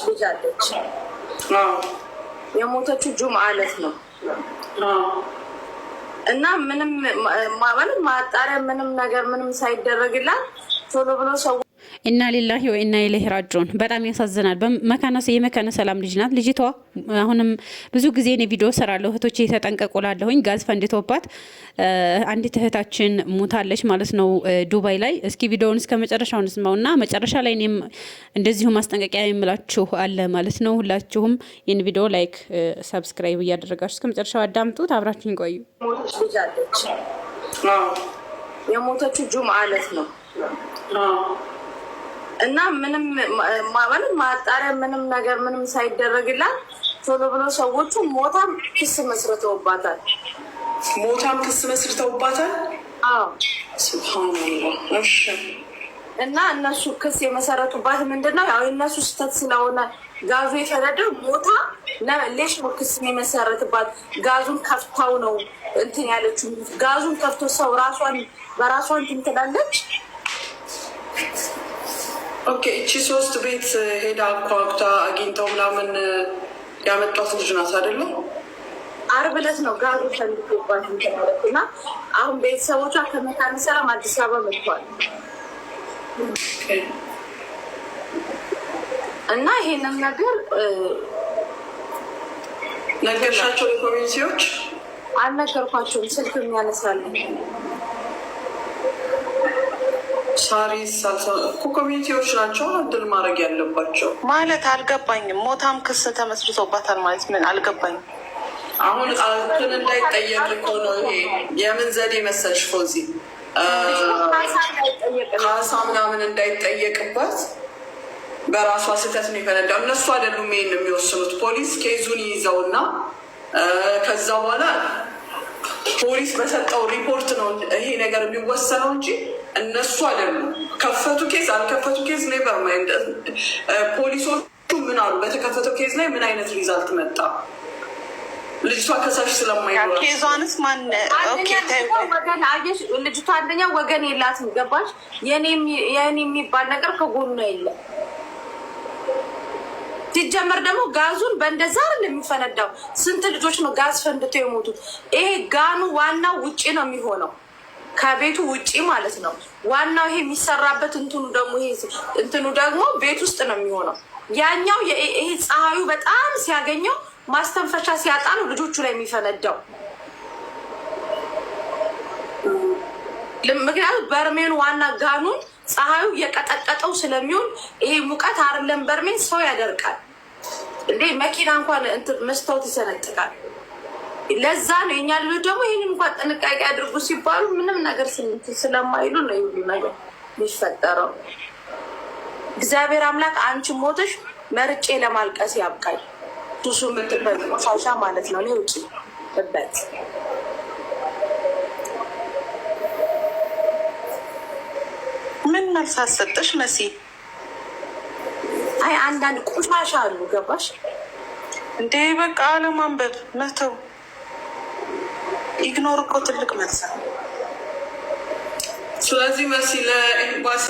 ልጃለች አለች። የሞተችው ጁም አለት ነው እና ምንም ማለት ማጣሪያ ምንም ነገር ምንም ሳይደረግላት ቶሎ ብሎ ሰው ሌላ ሊላሂ እና የለህ ራጆን በጣም ያሳዝናል። በመካነ የመካነ ሰላም ልጅ ናት ልጅቷ። አሁንም ብዙ ጊዜ እኔ ቪዲዮ ሰራለሁ እህቶች የተጠንቀቁ ላለሁኝ። ጋዝ ፈንድቶባት አንዲት እህታችን ሙታለች ማለት ነው ዱባይ ላይ። እስኪ ቪዲዮውን እስከ መጨረሻው እና መጨረሻ ላይ እኔም እንደዚሁ ማስጠንቀቂያ የምላችሁ አለ ማለት ነው። ሁላችሁም ይህን ቪዲዮ ላይክ፣ ሰብስክራይብ እያደረጋችሁ እስከ መጨረሻው አዳምጡት። አብራችሁን ቆዩ። የሞተችው ጁምአ ዕለት ነው እና ምንም ማለት ማጣሪያ ምንም ነገር ምንም ሳይደረግላት ቶሎ ብሎ ሰዎቹ ሞታም ክስ መስርተውባታል። ሞታም ክስ መስርተውባታል። እና እነሱ ክስ የመሰረቱባት ምንድን ነው? ያው የእነሱ ስህተት ስለሆነ ጋዙ የተረደው ሞታ ሌሽ ነው ክስ የመሰረትባት። ጋዙን ከፍታው ነው እንትን ያለችው። ጋዙን ከፍቶ ሰው ራሷን በራሷን ትንትላለች ኦኬ እቺ ሶስት ቤት ሄዳ አኳኩታ አግኝተው ምናምን ያመጧት ልጅ ናት አይደለ? አርብ ዕለት ነው ጋሩ ከሚገባት ማለት አሁን ቤተሰቦቿ ከመካነ ሰላም አዲስ አበባ መጥተዋል እና ይሄንን ነገር ነገርሻቸው ለኮሚኒቲዎች አልነገርኳቸውም። ስልክ የሚያነሳለን ሳሪ እኮ ኮሚኒቲዎች ናቸው ድል ማድረግ ያለባቸው ማለት አልገባኝም። ሞታም ክስ ተመስርቶባታል ማለት ምን አልገባኝም። አሁን ክን እንዳይጠየቅ እኮ ነው ይሄ የምን ዘዴ መሰልሽ ፎዚ ካሳ ምናምን እንዳይጠየቅበት በራሷ ስህተት ነው የፈነዳው። እነሱ አይደሉም ይሄን የሚወስኑት። ፖሊስ ኬዙን እና ከዛ በኋላ ፖሊስ በሰጠው ሪፖርት ነው ይሄ ነገር የሚወሰነው እንጂ እነሱ አይደሉ ከፈቱ ኬዝ አልከፈቱ ኬዝ ኔቨር ማይንድ። ፖሊሶቹ ምን አሉ? በተከፈተው ኬዝ ላይ ምን አይነት ሪዛልት መጣ? ልጅቷ ከሳሽ ስለማይኖራት ኬዟንስ ወገን ልጅቷ አንደኛ ወገን የላትም ገባሽ? የኔ የሚባል ነገር ከጎኗ የለም። ሲጀመር ደግሞ ጋዙን በእንደዛ አይደለም የሚፈነዳው። ስንት ልጆች ነው ጋዝ ፈንድቶ የሞቱት? ይሄ ጋኑ ዋናው ውጪ ነው የሚሆነው ከቤቱ ውጪ ማለት ነው። ዋናው ይሄ የሚሰራበት እንትኑ ደግሞ ይሄ እንትኑ ደግሞ ቤት ውስጥ ነው የሚሆነው። ያኛው ይሄ ፀሐዩ በጣም ሲያገኘው ማስተንፈሻ ሲያጣ ነው ልጆቹ ላይ የሚፈነዳው። ምክንያቱም በርሜን ዋና ጋኑን ፀሐዩ የቀጠቀጠው ስለሚሆን ይሄ ሙቀት አይደለም በርሜን ሰው ያደርቃል እንዴ! መኪና እንኳን መስታወት ይሰነጥቃል። ለዛ ነው የኛ ልጆች ደግሞ ይህን እንኳን ጥንቃቄ አድርጉ ሲባሉ ምንም ነገር ስለማይሉ ነው ይሉ ነገር የሚፈጠረው። እግዚአብሔር አምላክ አንቺ ሞትሽ መርጬ ለማልቀስ ያብቃል። ሱሱ የምትበል ቆሻሻ ማለት ነው። ውጭ እበት ምን መልስ አሰጠሽ መሲ? አይ አንዳንድ ቆሻሻ አሉ ገባሽ እንዴ? በቃ አለማንበብ መተው ኢግኖር እኮ ትልቅ መልስ ነው። ስለዚህ መሲ ለኤምባሲ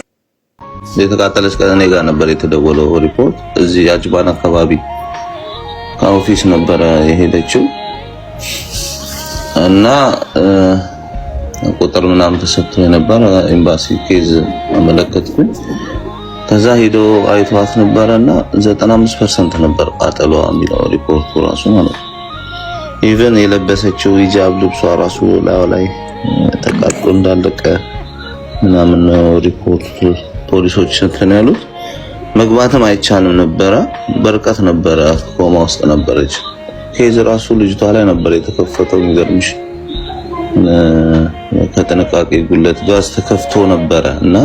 የተቃጠለች ቀን ጋር ነበር የተደወለው ሪፖርት። እዚህ አጅባን አካባቢ ከኦፊስ ነበረ የሄደችው እና ቁጥር ምናምን ተሰጥቶ የነበረ ኤምባሲ ኬዝ አመለከትኩኝ። ከዛ ሄዶ አይተዋት ነበረ እና 95 ፐርሰንት ነበር ቃጠሏ የሚለው ሪፖርቱ ራሱ ማለት ነው። ኢቨን የለበሰችው ሂጃብ ልብሷ ራሱ ላዩ ላይ ተቃጥሎ እንዳለቀ ምናምን ነው ሪፖርት ፖሊሶች እንትን ያሉት። መግባትም አይቻልም ነበረ። በርቀት ነበረ፣ ኮማ ውስጥ ነበረች። ኬዝ ራሱ ልጅቷ ላይ ነበር የተከፈተው። የሚገርምሽ ከጥንቃቄ ጉለት ጋዝ ተከፍቶ ነበረ እና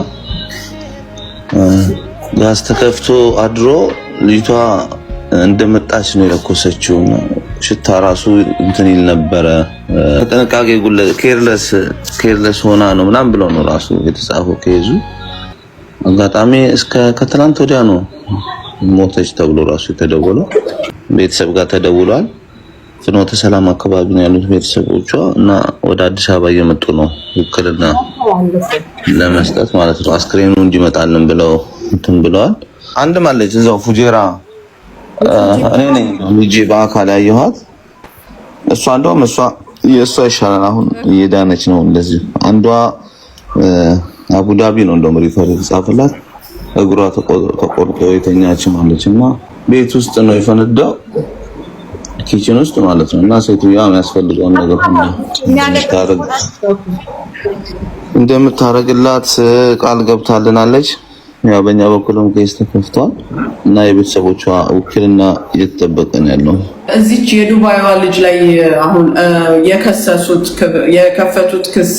ጋዝ ተከፍቶ አድሮ ልጅቷ እንደመጣች ነው የለኮሰችው። ሽታ ራሱ እንትን ይል ነበረ። ከጥንቃቄ ጉለት ኬርለስ ሆና ነው ምናም ብለው ነው ራሱ የተጻፈው። ከይዙ አጋጣሚ እስከ ከትላንት ወዲያ ነው ሞተች ተብሎ ራሱ የተደወለው። ቤተሰብ ጋር ተደውሏል። ፍኖተ ሰላም አካባቢ ነው ያሉት ቤተሰቦቿ እና ወደ አዲስ አበባ እየመጡ ነው ውክልና ለመስጠት ማለት ነው። አስክሬኑ እንዲመጣልን ብለው እንትን ብለዋል። አንድ ማለች እዛው ፉጀራ እኔ ነኝ ልጅ በአካል ያየኋት። እሷ እንደውም እሷ የእሷ ይሻላል። አሁን እየዳነች ነው። እንደዚህ አንዷ አቡዳቢ ነው እንደውም ሪፈር የተጻፈላት እግሯ ተቆርጦ የተኛች ማለች እና ቤት ውስጥ ነው የፈነዳው ኪችን ውስጥ ማለት ነው። እና ሴትዮዋ የሚያስፈልገውን ነገር እንደምታረግላት ቃል ገብታልናለች። ያው በእኛ በኩልም ኬስ ተከፍቷል እና የቤተሰቦቿ ውክልና እየተጠበቀ ነው ያለው። እዚች የዱባይዋ ልጅ ላይ አሁን የከሰሱት የከፈቱት ክስ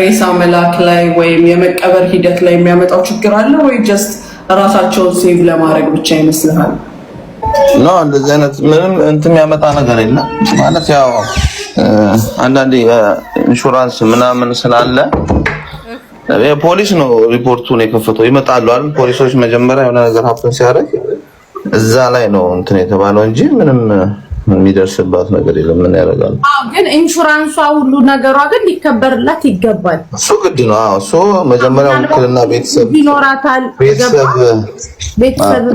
ሬሳ መላክ ላይ ወይም የመቀበር ሂደት ላይ የሚያመጣው ችግር አለ ወይ? ጀስት ራሳቸውን ሴቭ ለማድረግ ብቻ ይመስልሃል? ኖ እንደዚህ አይነት ምንም እንትን የሚያመጣ ነገር የለም። ማለት ያው አንዳንዴ ኢንሹራንስ ምናምን ስላለ ፖሊስ ነው ሪፖርቱን የከፈተው። ይመጣሉ አይደል ፖሊሶች። መጀመሪያ የሆነ ነገር ሀፕን ሲያደርግ እዛ ላይ ነው እንትን የተባለው እንጂ ምንም የሚደርስባት ነገር የለም። ምን ያደርጋሉ? ግን ኢንሹራንሷ ሁሉ ነገሯ ግን ሊከበርላት ይገባል። እሱ ግድ ነው። እሱ መጀመሪያ ውክልና ቤተሰብ ይኖራታል። ቤተሰብ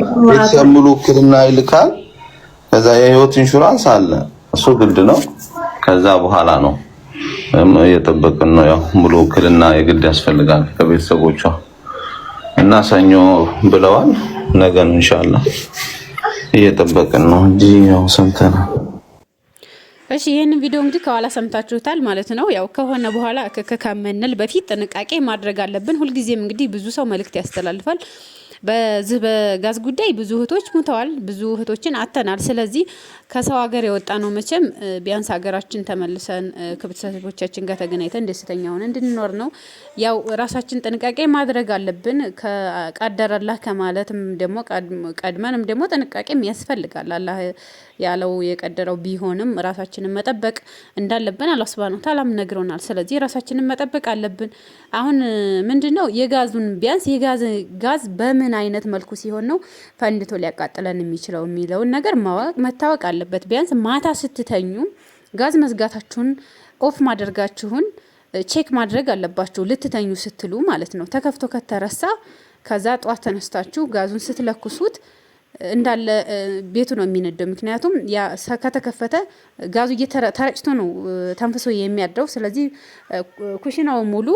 ሙሉ ውክልና ይልካል። ከዛ የህይወት ኢንሹራንስ አለ። እሱ ግድ ነው። ከዛ በኋላ ነው እየጠበቅን ነው። ያው ሙሉ ውክልና የግድ ያስፈልጋል ከቤተሰቦቿ እና ሰኞ ብለዋል። ነገ ነው እንሻላ እየጠበቅን ነው እንጂ ያው ሰምተናል። እሺ ይህንን ቪዲዮ እንግዲህ ከኋላ ሰምታችሁታል ማለት ነው። ያው ከሆነ በኋላ ከምንል በፊት ጥንቃቄ ማድረግ አለብን። ሁልጊዜም እንግዲህ ብዙ ሰው መልእክት ያስተላልፋል። በዚህ በጋዝ ጉዳይ ብዙ እህቶች ሙተዋል፣ ብዙ እህቶችን አተናል። ስለዚህ ከሰው ሀገር የወጣ ነው መቼም ቢያንስ ሀገራችን ተመልሰን ከቤተሰቦቻችን ጋር ተገናኝተን ደስተኛ ሆነ እንድንኖር ነው። ያው ራሳችን ጥንቃቄ ማድረግ አለብን። ከቀደረ ከማለትም ደግሞ ቀድመንም ደግሞ ጥንቃቄም ያስፈልጋል። አላህ ያለው የቀደረው ቢሆንም ራሳችንን መጠበቅ እንዳለብን አላህ ሱብሃነሁ ተዓላም ነግሮናል። ስለዚህ ራሳችንን መጠበቅ አለብን። አሁን ምንድን ነው የጋዙን ቢያንስ የጋዝ ጋዝ በምን አይነት መልኩ ሲሆን ነው ፈንድቶ ሊያቃጥለን የሚችለው የሚለውን ነገር ማወቅ መታወቅ አለ አለበት። ቢያንስ ማታ ስትተኙ ጋዝ መዝጋታችሁን ኦፍ ማድረጋችሁን ቼክ ማድረግ አለባችሁ፣ ልትተኙ ስትሉ ማለት ነው። ተከፍቶ ከተረሳ ከዛ ጠዋት ተነስታችሁ ጋዙን ስትለኩሱት እንዳለ ቤቱ ነው የሚነደው። ምክንያቱም ከተከፈተ ጋዙ ተረጭቶ ነው ተንፍሶ የሚያድረው። ስለዚህ ኩሽናው ሙሉ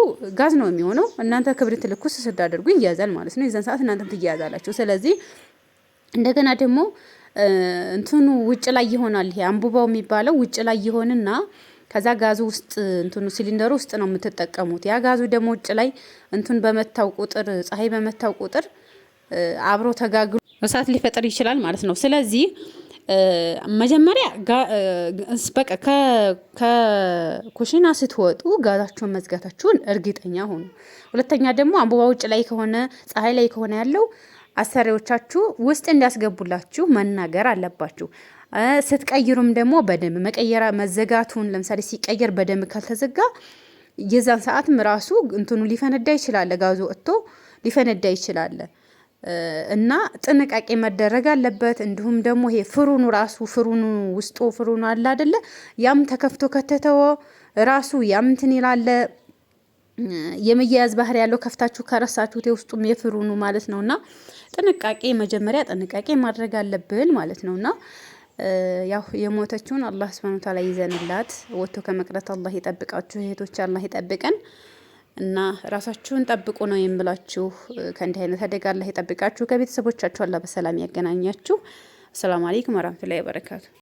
ጋዝ ነው የሚሆነው። እናንተ ክብሪት ልኩስ ስዳደርጉ ይያዛል ማለት ነው። የዛን ሰዓት እናንተም ትያያዛላችሁ። ስለዚህ እንደገና ደግሞ እንትኑ ውጭ ላይ ይሆናል። ይሄ አንቡባው የሚባለው ውጭ ላይ ይሆንና ከዛ ጋዙ ውስጥ እንትኑ ሲሊንደሩ ውስጥ ነው የምትጠቀሙት። ያ ጋዙ ደግሞ ውጭ ላይ እንትን በመታው ቁጥር ፀሐይ በመታው ቁጥር አብሮ ተጋግሎ እሳት ሊፈጥር ይችላል ማለት ነው። ስለዚህ መጀመሪያ በቃ ከኩሽና ስትወጡ ጋዛችሁን መዝጋታችሁን እርግጠኛ ሆኑ። ሁለተኛ ደግሞ አንቡባ ውጭ ላይ ከሆነ ፀሐይ ላይ ከሆነ ያለው አሰሪዎቻችሁ ውስጥ እንዲያስገቡላችሁ መናገር አለባችሁ። ስትቀይሩም ደግሞ በደንብ መቀየራ መዘጋቱን ለምሳሌ ሲቀየር በደንብ ካልተዘጋ የዛን ሰዓትም ራሱ እንትኑ ሊፈነዳ ይችላል፣ ጋዙ እቶ ሊፈነዳ ይችላል እና ጥንቃቄ መደረግ አለበት። እንዲሁም ደግሞ ይሄ ፍሩኑ ራሱ ፍሩኑ ውስጡ ፍሩኑ አለ አደለ? ያም ተከፍቶ ከተተወ ራሱ ያም እንትን ይላለ የመያያዝ ባህሪ ያለው ከፍታችሁ ከረሳችሁት የውስጡም የፍሩኑ ማለት ነው። እና ጥንቃቄ መጀመሪያ ጥንቃቄ ማድረግ አለብን ማለት ነው። እና ያው የሞተችውን አላህ ስብሃነ ወተዓላ ይዘንላት፣ ወጥቶ ከመቅረት አላህ ይጠብቃችሁ። እህቶች አላህ ይጠብቀን እና ራሳችሁን ጠብቁ ነው የምላችሁ። ከእንዲህ አይነት አደጋ አላህ ይጠብቃችሁ። ከቤተሰቦቻችሁ አላህ በሰላም ያገናኛችሁ። አሰላሙ አለይኩም ወራህመቱላሂ ወበረካቱ።